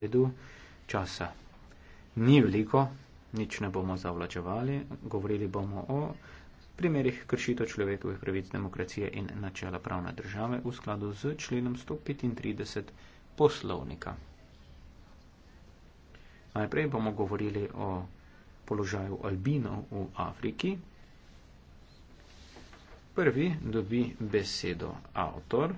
redu časa. Ni veliko, nič ne bomo zavlačevali, govorili bomo o primerih kršitev človekovih pravic demokracije in načela pravne države v skladu z členom 135 poslovnika. Najprej bomo govorili o položaju albinov v Afriki. Prvi dobi besedo avtor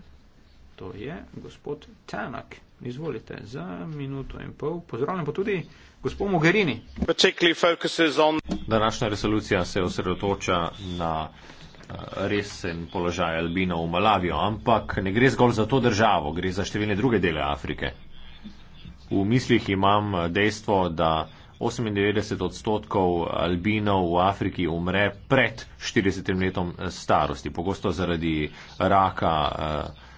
to je gospod Tanak. Izvolite za minuto in pol. Pozdravljam pa tudi gospod Mogherini. On... Današnja resolucija se osredotoča na eh, resen položaj Albina v Malavijo, ampak ne gre zgolj za to državo, gre za številne druge dele Afrike. V mislih imam eh, dejstvo, da 98 odstotkov albinov v Afriki umre pred 40 letom eh, starosti, pogosto zaradi raka. Uh,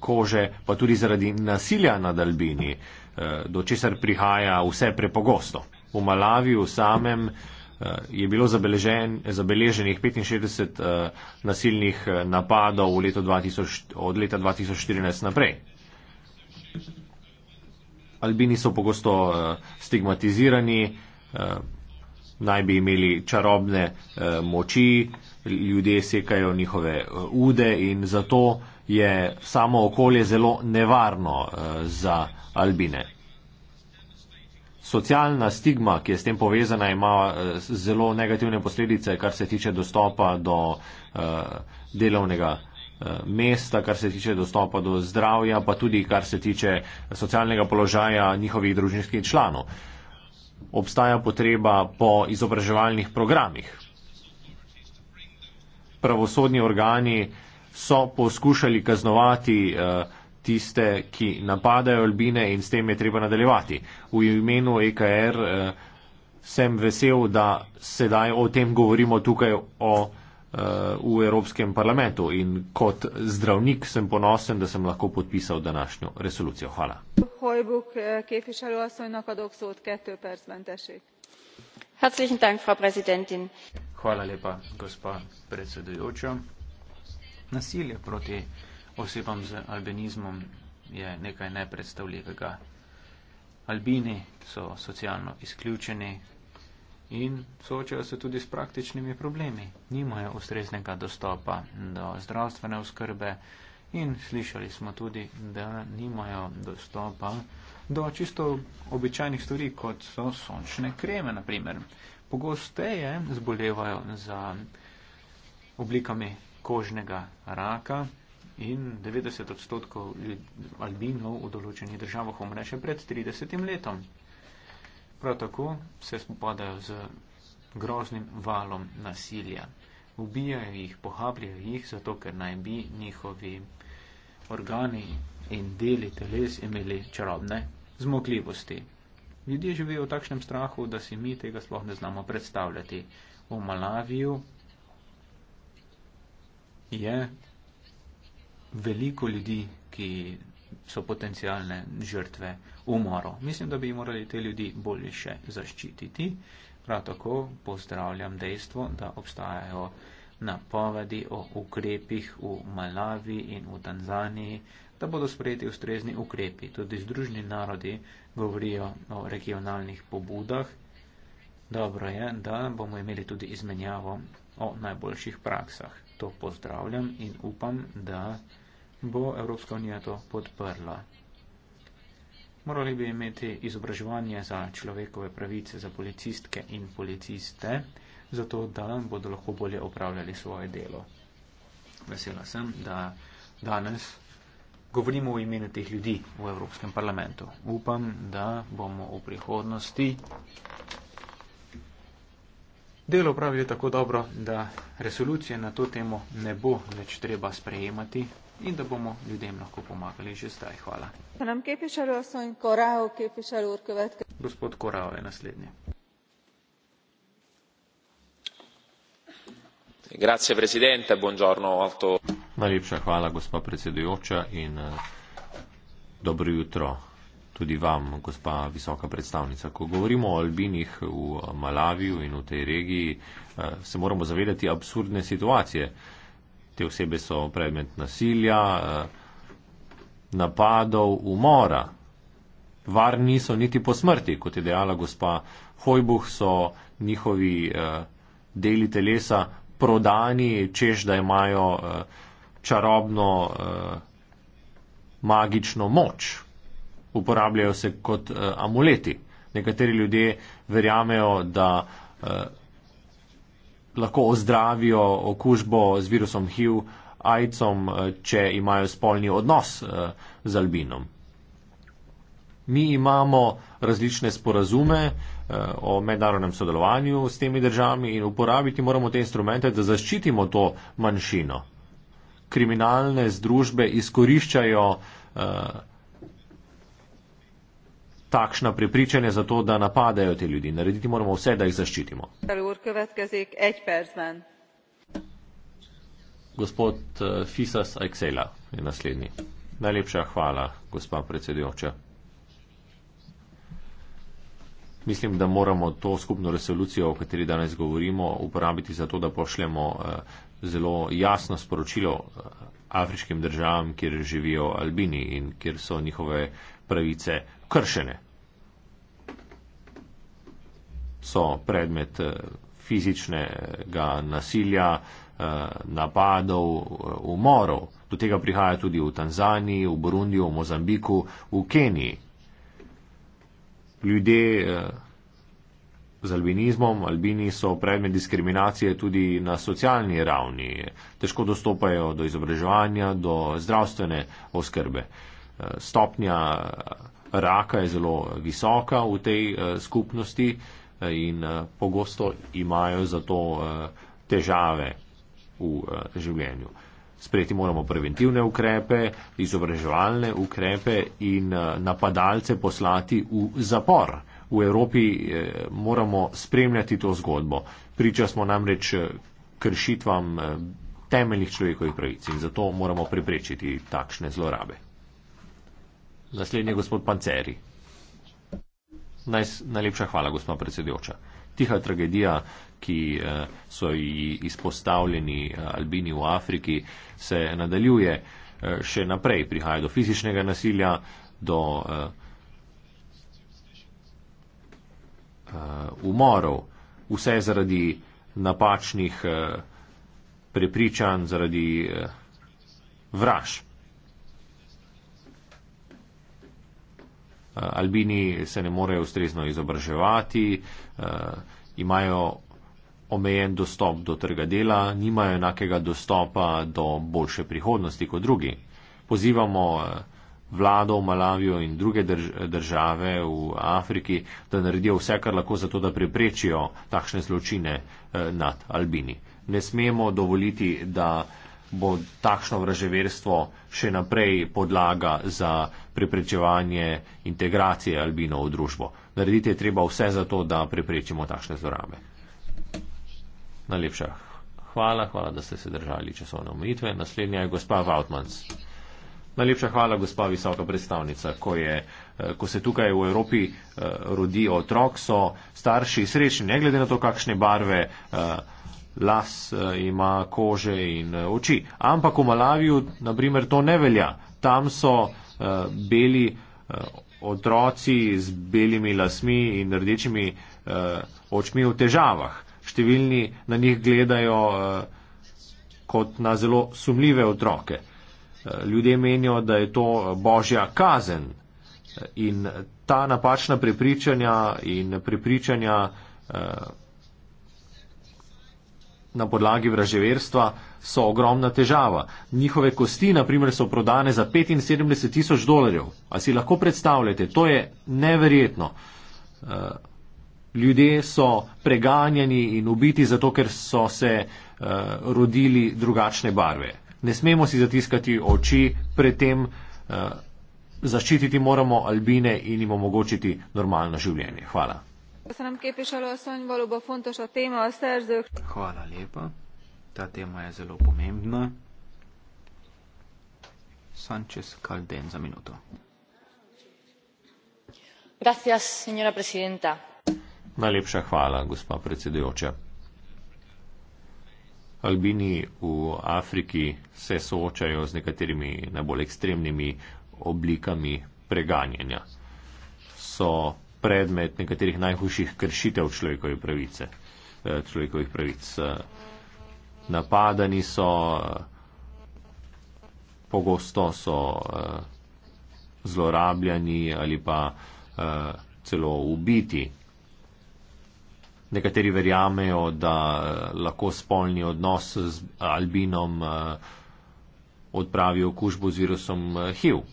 kože, pa tudi zaradi nasilja nad albini, eh, do česar prihaja vse prepogosto. V Malaviju samem eh, je bilo zabeležen, zabeleženih 65 eh, nasilnih napadov leto 2000, od leta 2014 naprej. Albini so pogosto stigmatizirani, naj bi imeli čarobne moči, ljudje sekajo njihove ude in zato je samo okolje zelo nevarno eh, za albine. Socialna stigma, ki je s tem povezana, ima eh, zelo negativne posledice, kar se tiče dostopa do eh, delovnega mesta, kar se tiče dostopa do zdravja, pa tudi kar se tiče socialnega položaja njihovih družinskih članov. Obstaja potreba po izobraževalnih programih. Pravosodni organi uh, so poskušali kaznovati eh, tiste, ki napadajo albine in s tem je treba nadaljevati. V imenu EKR eh, sem vesel, da sedaj o tem govorimo tukaj o, eh, v Evropskem parlamentu in kot zdravnik sem ponosen, da sem lahko podpisal današnjo resolucijo. Hvala. Hvala lepa, gospa predsedujoča. Nasilje proti osebam z albinizmom je nekaj nepredstavljivega. Albini so socialno izključeni in soočajo se tudi s praktičnimi problemi. Nimajo ustreznega dostopa do zdravstvene oskrbe in slišali smo tudi, da nimajo dostopa do čisto običajnih stvari, kot so sončne kreme, naprimer. Pogosteje zbolevajo za oblikami kožnega raka in 90 odstotkov albinov v določenih državah umre še pred 30 letom. Prav tako se spopadajo z groznim valom nasilja. Ubijajo jih, pohabljajo jih, zato ker naj bi njihovi organi in deli teles imeli čarobne zmogljivosti. Ljudje živijo v takšnem strahu, da si mi tega sploh ne znamo predstavljati. V Malaviju je veliko ljudi, ki so potencijalne žrtve umorov. Mislim, da bi morali te ljudi bolje še zaščititi. Prav tako pozdravljam dejstvo, da obstajajo napovedi o ukrepih v Malavi in v Tanzaniji, da bodo sprejeti ustrezni ukrepi. Tudi združni narodi govorijo o regionalnih pobudah. Dobro je, da bomo imeli tudi izmenjavo o najboljših praksah to pozdravljam in upam, da bo Evropska unija to podprla. Morali bi imeti izobraževanje za človekove pravice, za policistke in policiste, zato da bodo lahko bolje opravljali svoje delo. Vesela sem, da danes govorimo v imenu teh ljudi v Evropskem parlamentu. Upam, da bomo v prihodnosti. Delo pravi je tako dobro, da resolucije na to temo ne bo več treba sprejemati in da bomo ljudem lahko pomagali že zdaj. Hvala. Gospod Korao je naslednji. Najlepša hvala, gospod predsedujoča, in eh, dobro jutro tudi vam, gospa visoka predstavnica. Ko govorimo o albinih v Malaviju in v tej regiji, eh, se moramo zavedati absurdne situacije. Te osebe so predmet nasilja, eh, napadov, umora. Varni niso niti po smrti, kot je dejala gospa Hojbuh, so njihovi eh, deli telesa prodani, čež da imajo čarobno, magično moč, uporabljajo se kot uh, amuleti. Nekateri ljudje verjamejo, da uh, lahko ozdravijo okužbo z virusom HIV, AIDS-om, uh, eh, če imajo spolni odnos uh, z albinom. Mi imamo različne sporazume o mednarodnem sodelovanju s temi državami in uporabiti moramo te instrumente, da zaščitimo to manjšino. Kriminalne združbe izkoriščajo uh, takšna prepričanja za to, da napadajo te ljudi. Narediti moramo vse, da jih zaščitimo. Gospod eh, Fisas Aixela je naslednji. Najlepša hvala, gospa predsedujoča. Mislim, da moramo to skupno resolucijo, o kateri danes govorimo, uporabiti za to, da pošljemo eh, zelo jasno sporočilo eh, afriškim državam, kjer živijo albini in kjer so njihove pravice kršene. So predmet eh, fizičnega nasilja, eh, napadov, eh, umorov. Do tega prihaja tudi v Tanzaniji, v Burundiju, v Mozambiku, v Keniji. Ljudje z albinizmom, albini so predmet diskriminacije tudi na socialni ravni. Težko dostopajo do izobraževanja, do zdravstvene oskrbe stopnja raka je zelo visoka v tej eh, skupnosti eh, in eh, pogosto imajo zato težave v življenju. Sprejeti moramo preventivne ukrepe, izobraževalne ukrepe in napadalce poslati v zapor. V Evropi moramo spremljati to zgodbo. Priča smo namreč kršitvam temeljnih človekovih pravic in zato moramo preprečiti takšne zlorabe. Naslednji je gospod Panceri. Naj, najlepša hvala, gospod predsedujoča. Tiha tragedija, ki eh, so ji izpostavljeni eh, albini v Afriki, se nadaljuje eh, še naprej. Prihaja do fizičnega nasilja, do umorov, vse zaradi napačnih prepričanj, zaradi vraž. Eh, Albini se ne morejo ustrezno izobraževati, eh, imajo omejen dostop do trga dela, nimajo enakega dostopa do boljše prihodnosti kot drugi. Pozivamo eh, vlado v Malavijo in druge države v Afriki, da naredijo vse, kar lahko za to, da preprečijo takšne zločine nad Albini. Ne smemo dovoliti, da bo takšno vraževerstvo še naprej podlaga za preprečevanje integracije albino v družbo. Narediti je treba vse za to, da preprečimo takšne zlorabe. Najlepša hvala, hvala, da ste se držali časovne omejitve. Naslednja je gospa Vautmans. Najlepša hvala, gospa visoka predstavnica. Ko, je, eh, ko se tukaj v Evropi eh, rodi otrok, so starši srečni, ne glede na to, kakšne barve. Uh, las eh, ima kože in eh, oči. Ampak v Malaviju, na primer, to ne velja. Tam so uh, beli uh, otroci z belimi lasmi in rdečimi uh, očmi v težavah. Številni na njih gledajo uh, kot na zelo sumljive otroke. Uh, ljudje menijo, da je to božja kazen in ta napačna prepričanja in prepričanja uh, na podlagi vraževerstva so ogromna težava. Njihove kosti, na primer, so prodane za 75 tisoč dolarjev. A si lahko predstavljate, to je neverjetno. Eh, ljudje so preganjani in ubiti zato, ker so se eh, rodili drugačne barve. Ne smemo si zatiskati oči pred tem, eh, zaščititi moramo albine in jim omogočiti normalno življenje. Hvala. Köszönöm, képviselő asszony, valóban fontos a téma, a szerzők... Hvala lepa. Ta téma je zelo pomembna. Sánchez Calden za minuto. Gracias, señora presidenta. Najlepša hvala, gospa predsedujoča. Albini v Afriki se soočajo z nekaterimi najbolj ekstremnimi oblikami preganjanja. So predmet nekaterih najhujših kršitev eh, človekovih pravic. Človekovih pravic. Napadani so, eh, pogosto so eh, zlorabljani ali pa celo ubiti. Nekateri verjamejo, da lahko spolni odnos z albinom odpravi okužbo z virusom HIV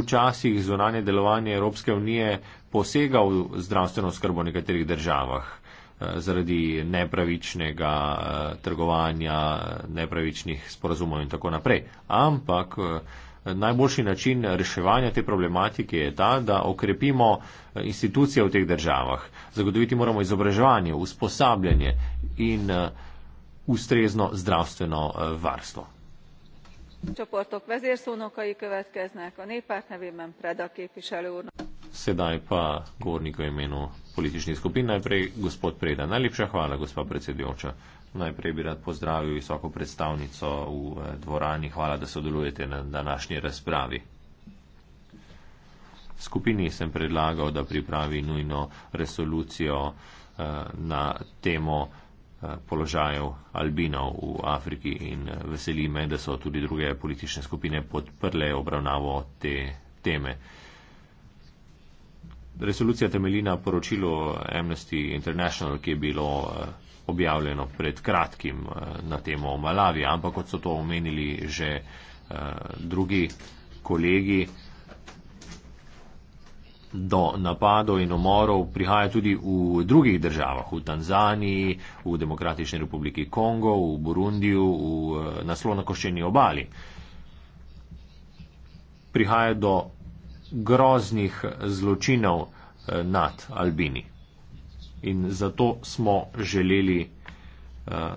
včasih zunanje delovanje Evropske unije posega v zdravstveno skrbo v nekaterih državah eh, zaradi nepravičnega eh, trgovanja, nepravičnih sporazumov in tako naprej. Ampak eh, najboljši način reševanja te problematike je ta, da okrepimo institucije v teh državah. Zagotoviti moramo izobraževanje, usposabljanje in ustrezno zdravstveno varstvo csoportok vezérszónokai következnek a néppárt nevében preda képviselő úrnak sedaj pa govorniku imenu politične skupine najprej gospod preda najlepša hvala gospa predsedujoča najprej bi rad pozdravil visoko predstavnico v eh, dvorani hvala da sodelujete na današnji razpravi skupini sem predlagal da pripravi nujno resolucijo eh, na temo Eh, položajev albinov v Afriki in eh, veseli me, da so tudi druge politične skupine podprle obravnavo te teme. Resolucija temelji na poročilu Amnesty International, ki je bilo eh, objavljeno pred kratkim na temo Malavi, ampak kot so to omenili že drugi kolegi, do napadov in umorov prihaja tudi v drugih državah, v Tanzaniji, v Demokratični republiki Kongo, v Burundiju, v eh, naslonakoščeni obali. Prihaja do groznih zločinov eh, nad Albini. In zato smo želeli eh,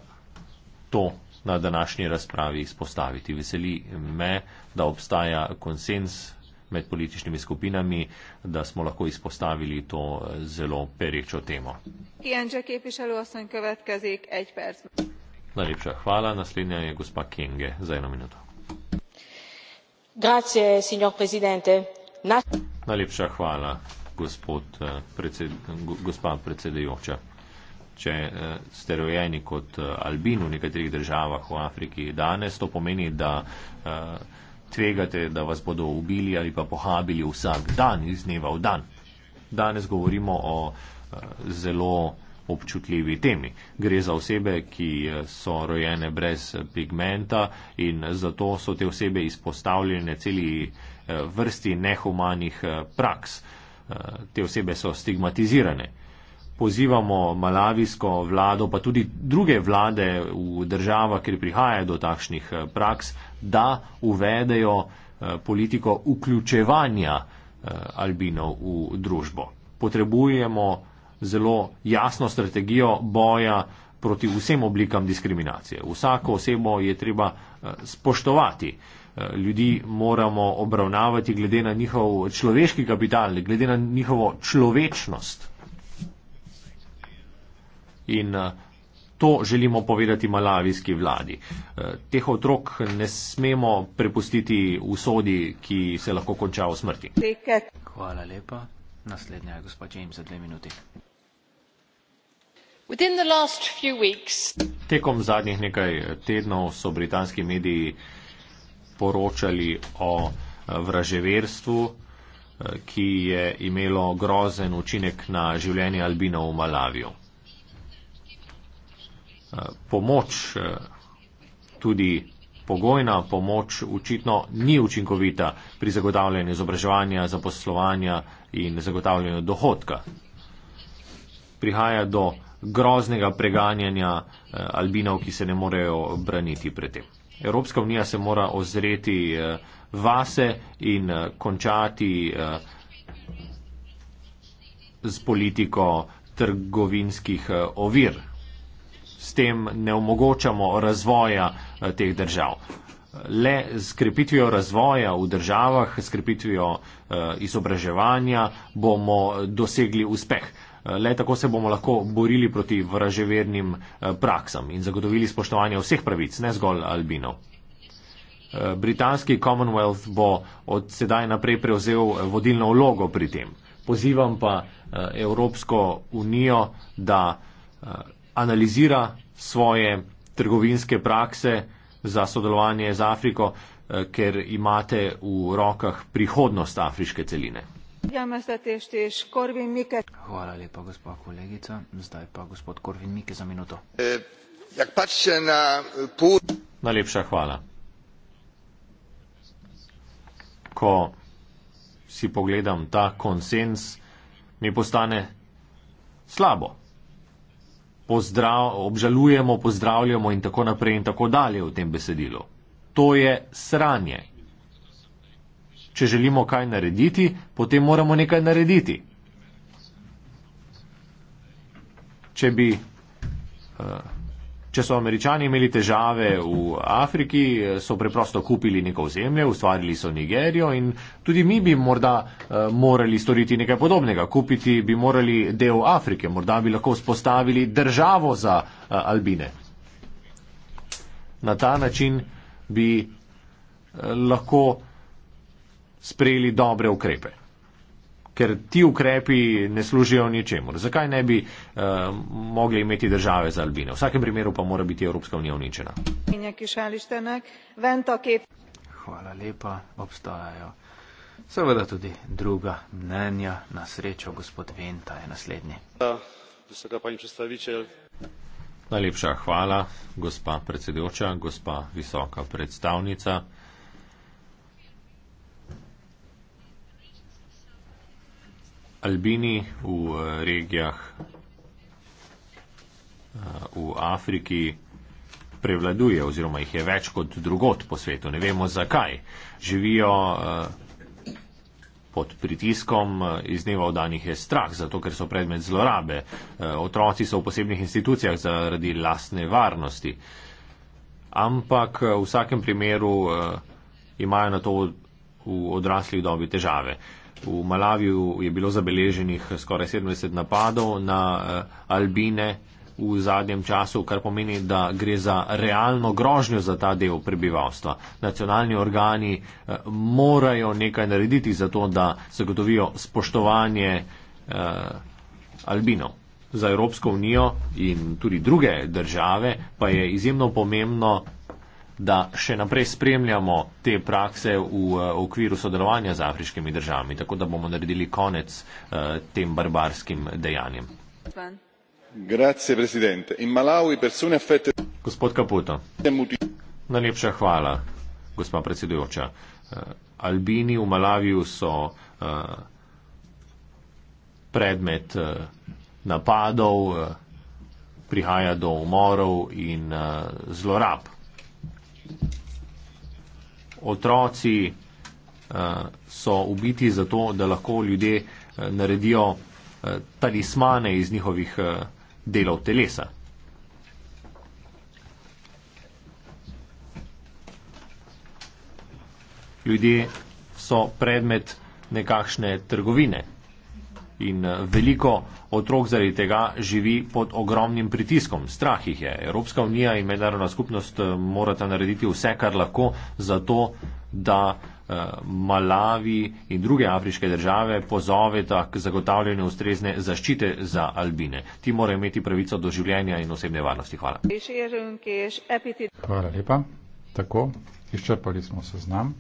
to na današnji razpravi izpostaviti. Veseli me, da obstaja konsens med političnimi skupinami, da smo lahko izpostavili to eh, zelo perečo temo. Najlepša hvala. Naslednja je gospa Kenge za eno minuto. Grazie, signor presidente. Na... Najlepša hvala, gospod, eh, predsed, gospa predsedujoča. Če eh, ste rojeni kot Albin v nekaterih državah v Afriki danes, to pomeni, da uh, tvegate, da vas bodo ubili ali pa pohabili vsak dan, iz dneva v dan. Danes govorimo o eh, zelo občutljivi temi. Gre za osebe, ki eh, so rojene brez pigmenta in zato so te osebe izpostavljene celi eh, vrsti nehumanih praks. Te osebe so stigmatizirane. Pozivamo malavijsko vlado, pa tudi druge vlade v državah, kjer prihaja do takšnih praks, da uvedejo eh, politiko vključevanja eh, albinov v družbo. Potrebujemo zelo jasno strategijo boja proti vsem oblikam diskriminacije. Vsako osebo je treba eh, spoštovati. Ljudi moramo obravnavati glede na njihov človeški kapital, glede na njihovo človečnost. In uh, To želimo povedati malavijski vladi. Eh, teh otrok ne smemo prepustiti v sodi, ki se lahko konča v smrti. Hvala lepa. Naslednja je gospod James za dve minuti. Tekom zadnjih nekaj tednov so britanski mediji poročali o eh, vraževerstvu, eh, ki je imelo grozen učinek na življenje albinov v Malaviju. Eh, pomoč, eh, tudi pogojna pomoč, očitno ni učinkovita pri zagotavljanju izobraževanja, zaposlovanja in zagotavljanju dohodka. Prihaja do groznega preganjanja eh, albinov, ki se ne morejo braniti pred tem. Evropska unija se mora ozreti vase in končati z politiko trgovinskih ovir s tem ne omogočamo razvoja eh, teh držav. Le s krepitvijo razvoja v državah, s krepitvijo eh, izobraževanja bomo dosegli uspeh. Eh, le tako se bomo lahko borili proti vraževernim praksam in zagotovili spoštovanje vseh pravic, ne zgolj albinov. Britanski Commonwealth bo od sedaj naprej prevzel vodilno vlogo pri tem. Pozivam pa Evropsko unijo, da analizira svoje trgovinske prakse za sodelovanje z Afriko, eh, ker imate v rokah prihodnost afriške celine. Hvala lepa, gospod kolegica. Zdaj pa gospod Korvin Mike za minuto. Eh, eh, Najlepša hvala. Ko si pogledam ta konsens, mi postane slabo pozdrav, obžalujemo, pozdravljamo in tako naprej in tako dalje v tem besedilu. To je sranje. Če želimo kaj narediti, potem moramo nekaj narediti. Če bi uh, Če so američani imeli težave v Afriki, so preprosto kupili neko zemlje, ustvarili so Nigerijo in tudi mi bi morda uh, morali storiti nekaj podobnega. Kupiti bi morali del Afrike, morda bi lahko vzpostavili državo za uh, Albine. Na ta način bi uh, lahko sprejeli dobre ukrepe ker ti ukrepi ne služijo ničemu. Zakaj ne bi uh, mogli imeti države za Albine? V vsakem primeru pa mora biti Evropska unija uničena. Hvala lepa, obstajajo. Seveda tudi druga mnenja, na srečo gospod Venta je naslednji. Najlepša hvala, gospa predsedujoča, gospa visoka predstavnica. albini v eh, regijah eh, v Afriki prevladuje oziroma jih je več kot drugot po svetu. Ne vemo zakaj. Živijo eh, pod pritiskom, iz dneva v danih je strah, zato ker so predmet zlorabe. Otroci so v posebnih institucijah zaradi lastne varnosti. Ampak v vsakem primeru imajo na to v odraslih dobi težave. V Malaviju je bilo zabeleženih skoraj 70 napadov na eh, albine v zadnjem času, kar pomeni, da gre za realno grožnjo za ta del prebivalstva. Nacionalni organi eh, morajo nekaj narediti za to, da zagotovijo spoštovanje eh, albinov. Za Evropsko unijo in tudi druge države pa je izjemno pomembno, da še naprej spremljamo te prakse eh, v okviru sodelovanja z afriškimi državami, tako da bomo naredili konec eh, tem barbarskim dejanjem. Grazie, presidente. In Malawi, persone affette. Gospod Kaputo. Najlepša hvala, gospa predsedujoča. Eh, Albini v Malaviju so predmet napadov, prihaja do umorov in zlorab otroci uh, so ubiti zato, da lahko ljudje uh, naredijo uh, talismane iz njihovih uh, delov telesa. Ljudje so predmet nekakšne trgovine. In eh, veliko otrok zaradi tega živi pod ogromnim pritiskom. Strah jih je. Evropska unija in mednarodna skupnost eh, morata narediti vse, kar lahko, zato da eh, Malavi in druge afriške države pozoveta k zagotavljanju ustrezne zaščite za albine. Ti morajo imeti pravico do življenja in osebne varnosti. Hvala. Hvala lepa. Tako, izčrpali smo seznam.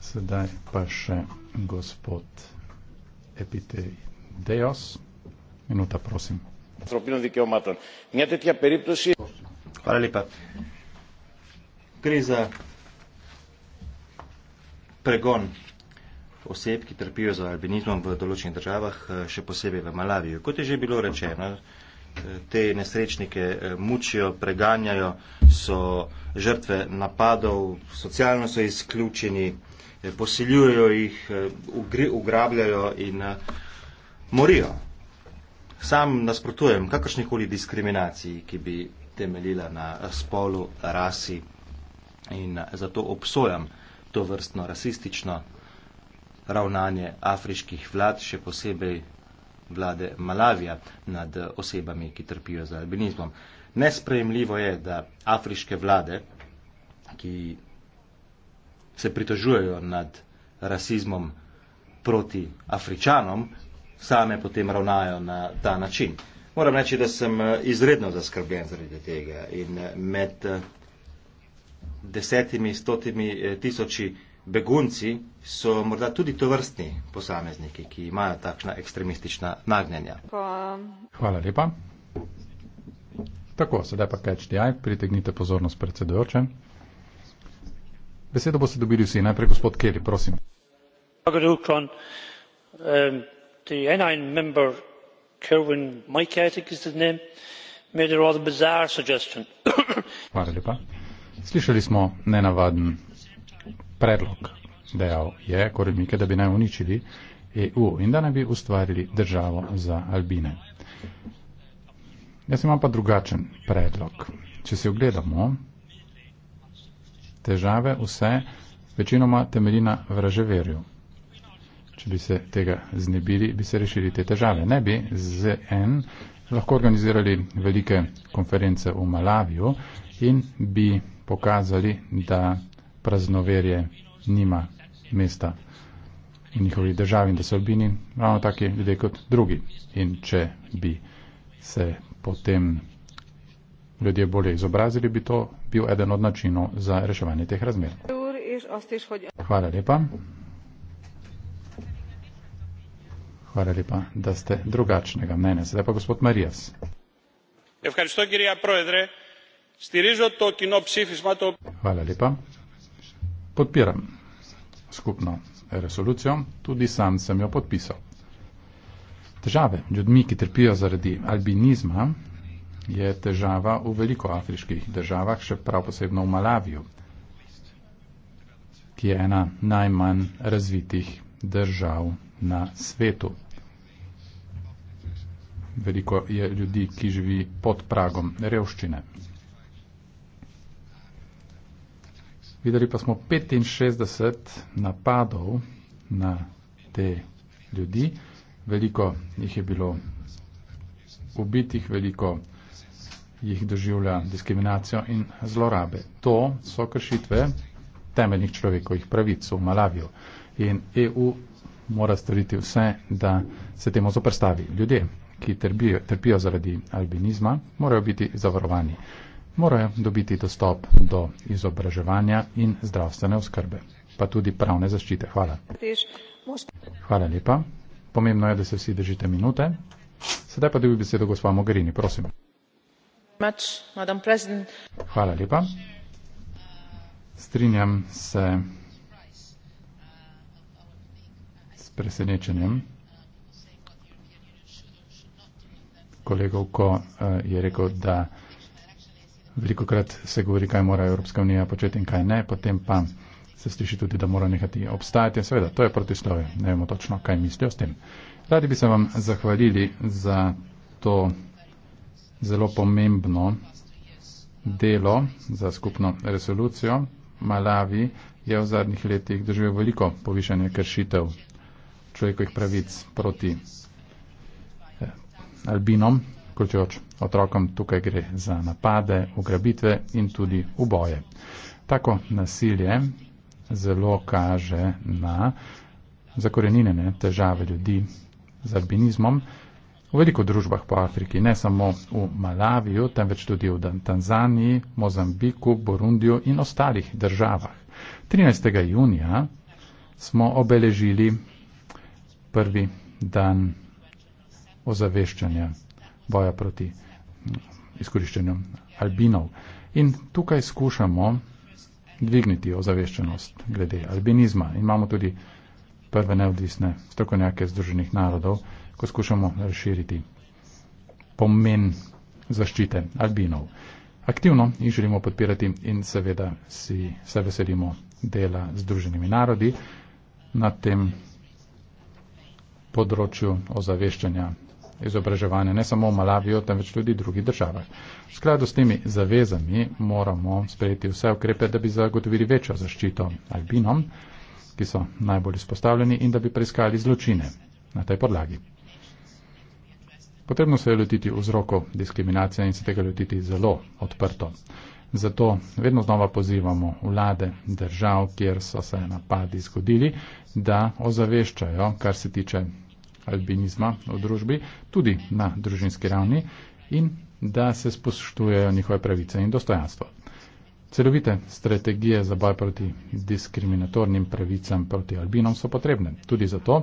Sedaj pa še gospod επιτελείως. Μινούτα, πρόσημο. Ανθρωπίνων δικαιωμάτων. Μια τέτοια περίπτωση... Παραλείπα. Κρίζα πρεγών oseb, ki trpijo za albinizmom v določenih državah, še posebej v Malaviji. Kot je že bilo rečeno, te nesrečnike eh, mučijo, preganjajo, so žrtve napadov, socialno so izključeni, eh, posiljujejo jih, eh, ugrabljajo in morijo. Sam nasprotujem kakršnikoli diskriminaciji, ki bi temeljila na spolu, rasi in zato obsojam to vrstno rasistično ravnanje afriških vlad, še posebej vlade Malavija nad osebami, ki trpijo za albinizmom. Nesprejemljivo je, da afriške vlade, ki se pritožujejo nad rasizmom proti afričanom, same potem ravnajo na ta način. Moram reči, da sem eh, izredno zaskrbljen zaradi tega in eh, med eh, desetimi, stotimi, tisoči begunci so morda tudi to vrstni posamezniki, ki imajo takšna ekstremistična nagnjenja. Hvala lepa. Tako, sedaj pa KHDI, pritegnite pozornost predsedujoče. Besedo boste dobili vsi. Najprej gospod Kelly, prosim. Um, the NI member Kerwin Mike, I think is his name, made a rather bizarre suggestion. Hvala lepa. Slišali smo nenavaden predlog dejal je Korenike, da bi naj uničili EU in da naj bi ustvarili državo za Albine. Jaz imam pa drugačen predlog. Če si ogledamo, težave vse večinoma temelji na vraževerju. Če bi se tega znebili, bi se rešili te težave. Ne bi z en lahko organizirali velike konference v Malaviju in bi pokazali, da praznoverje nima mesta v njihovi državi in da so albini ravno taki ljudje kot drugi. In če bi se potem ljudje bolje izobrazili, bi to bil eden od načinov za reševanje teh razmer. Hvala lepa. Hvala lepa, da ste drugačnega mnenja. Sedaj pa gospod Marijas. Hvala lepa podpiram skupno resolucijo, tudi sam sem jo podpisal. Težave ljudmi, ki trpijo zaradi albinizma, je težava v veliko afriških državah, še prav posebno v Malaviju, ki je ena najmanj razvitih držav na svetu. Veliko je ljudi, ki živi pod pragom revščine. Videli pa smo 65 napadov na te ljudi. Veliko jih je bilo ubitih, veliko jih doživlja diskriminacijo in zlorabe. To so kršitve temeljnih človekovih pravic v Malaviju. In EU mora storiti vse, da se temu zoprstavi. Ljudje, ki trpijo, trpijo zaradi albinizma, morajo biti zavarovani morajo dobiti dostop do izobraževanja in zdravstvene oskrbe, pa tudi pravne zaščite. Hvala. Hvala lepa. Pomembno je, da se vsi držite minute. Sedaj pa dobi besedo gospa Mogherini, prosim. Hvala lepa. Strinjam se s presenečenjem kolegov, ko eh, je rekel, da Veliko krat se govori, kaj mora Evropska unija početi in kaj ne, potem pa se sliši tudi, da mora nekati obstajati. Ja, seveda, to je protislovje. Ne vemo točno, kaj mislijo s tem. Radi bi se vam zahvalili za to zelo pomembno delo za skupno resolucijo. Malavi je v zadnjih letih doživel veliko povišanje kršitev človekovih pravic proti eh, albinom, Vključujoč otrokom tukaj gre za napade, ugrabitve in tudi uboje. Tako nasilje zelo kaže na zakorenjene težave ljudi z albinizmom. V veliko družbah po Afriki, ne samo v Malaviju, temveč tudi v Tanzaniji, Mozambiku, Burundiju in ostalih državah. 13. junija smo obeležili prvi dan ozaveščanja boja proti mm, izkoriščenju albinov. In tukaj skušamo dvigniti ozaveščenost glede albinizma. In imamo tudi prve neodvisne strokovnjake Združenih narodov, ko skušamo razširiti pomen zaščite albinov. Aktivno jih želimo podpirati in seveda si se veselimo dela z Združenimi narodi na tem področju ozaveščanja izobraževanja, ne samo v Malavijo, temveč tudi v drugih državah. V skladu s temi zavezami moramo sprejeti vse ukrepe, da bi zagotovili večjo zaščito albinom, ki so najbolj izpostavljeni in da bi preiskali zločine na tej podlagi. Potrebno se je lotiti vzrokov diskriminacije in se tega lotiti zelo odprto. Zato vedno znova pozivamo vlade držav, kjer so se napadi zgodili, da ozaveščajo, kar se tiče albinizma v družbi, tudi na družinski ravni in da se spoštujejo njihove pravice in dostojanstvo. Celovite strategije za boj proti diskriminatornim pravicam proti albinom so potrebne tudi zato,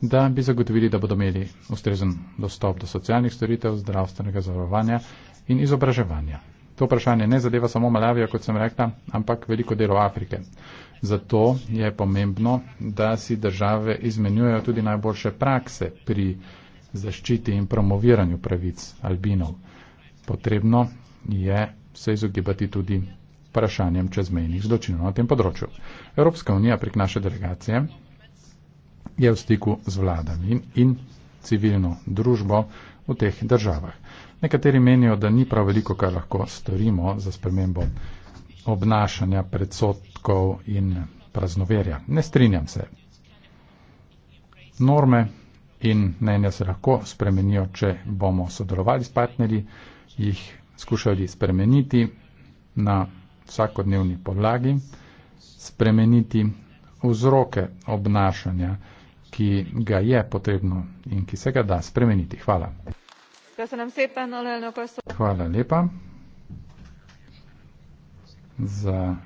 da bi zagotovili, da bodo imeli ustrezen dostop do socialnih storitev, zdravstvenega zavarovanja in izobraževanja. To vprašanje ne zadeva samo Malavijo, kot sem rekla, ampak veliko delo Afrike. Zato je pomembno, da si države izmenjujejo tudi najboljše prakse pri zaščiti in promoviranju pravic albinov. Potrebno je se izogibati tudi vprašanjem čezmejnih zločinov na tem področju. Evropska unija prek naše delegacije je v stiku z vladami in, in civilno družbo v teh državah. Nekateri menijo, da ni prav veliko, kar lahko storimo za spremembo obnašanja predsotkov in praznoverja. Ne strinjam se. Norme in mnenja se lahko spremenijo, če bomo sodelovali s partnerji, jih skušali spremeniti na vsakodnevni podlagi, spremeniti vzroke obnašanja, ki ga je potrebno in ki se ga da spremeniti. Hvala. Hvala lepa za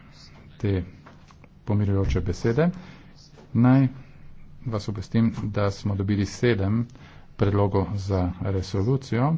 te pomirujoče besede. Naj vas obvestim, da smo dobili sedem predlogov za resolucijo.